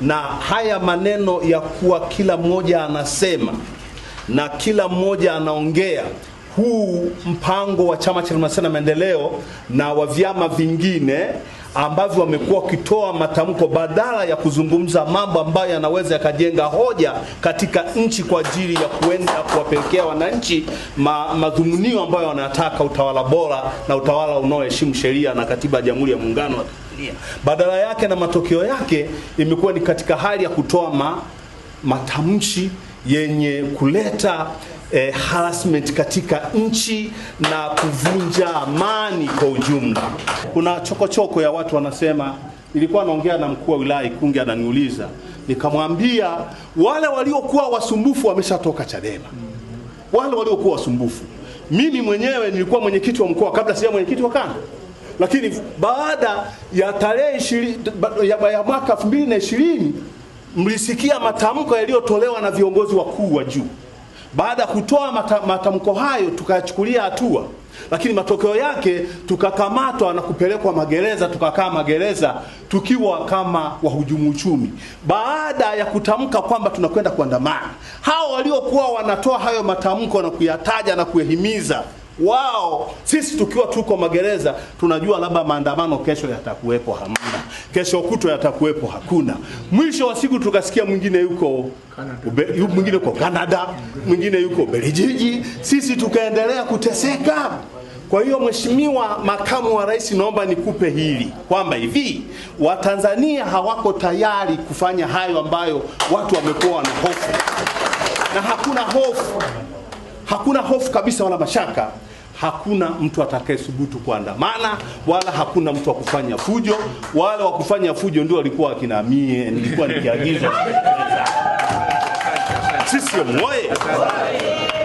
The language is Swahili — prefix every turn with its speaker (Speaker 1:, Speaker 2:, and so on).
Speaker 1: na haya maneno ya kuwa kila mmoja anasema na kila mmoja anaongea huu mpango wa Chama cha Demokrasia na Maendeleo na wa vyama vingine ambavyo wamekuwa wakitoa matamko badala ya kuzungumza mambo ambayo yanaweza yakajenga hoja katika nchi kwa ajili ya kuenda kuwapelekea wananchi ma, madhumunio ambayo wanataka utawala bora na utawala unaoheshimu sheria na katiba ya Jamhuri ya Muungano badala yake na matokeo yake imekuwa ni katika hali ya kutoa ma, matamshi yenye kuleta eh, harassment katika nchi na kuvunja amani kwa ujumla. Kuna chokochoko choko ya watu wanasema, nilikuwa naongea na mkuu wa wilaya Ikungi ananiuliza, nikamwambia wale waliokuwa wasumbufu wameshatoka Chadema, wale waliokuwa wasumbufu. Mimi mwenyewe nilikuwa mwenyekiti wa mkoa kabla sija mwenyekiti wa kanda lakini baada ya tarehe ya, ya mwaka 2020 mlisikia matamko yaliyotolewa na viongozi wakuu wa juu. Baada ya kutoa matamko hayo tukayachukulia hatua, lakini matokeo yake tukakamatwa na kupelekwa magereza, tukakaa magereza tukiwa kama wahujumu uchumi, baada ya kutamka kwamba tunakwenda kuandamana. Hao waliokuwa wanatoa hayo matamko na kuyataja na kuyahimiza wao sisi tukiwa tuko magereza tunajua labda maandamano kesho yatakuwepo, hamna kesho kuto yatakuwepo, hakuna. Mwisho wa siku tukasikia mwingine yuko Canada, mwingine yuko Canada, mwingine yuko Belgiji, sisi tukaendelea kuteseka. Kwa hiyo Mheshimiwa Makamu wa Rais, naomba nikupe hili kwamba hivi Watanzania hawako tayari kufanya hayo ambayo watu wamekuwa na hofu, na hakuna hofu, hakuna hofu kabisa wala mashaka hakuna mtu atakayethubutu kuandamana wala hakuna mtu wa kufanya fujo. Wale wa kufanya fujo ndio walikuwa akina mie, nilikuwa nikiagizwa sisi moye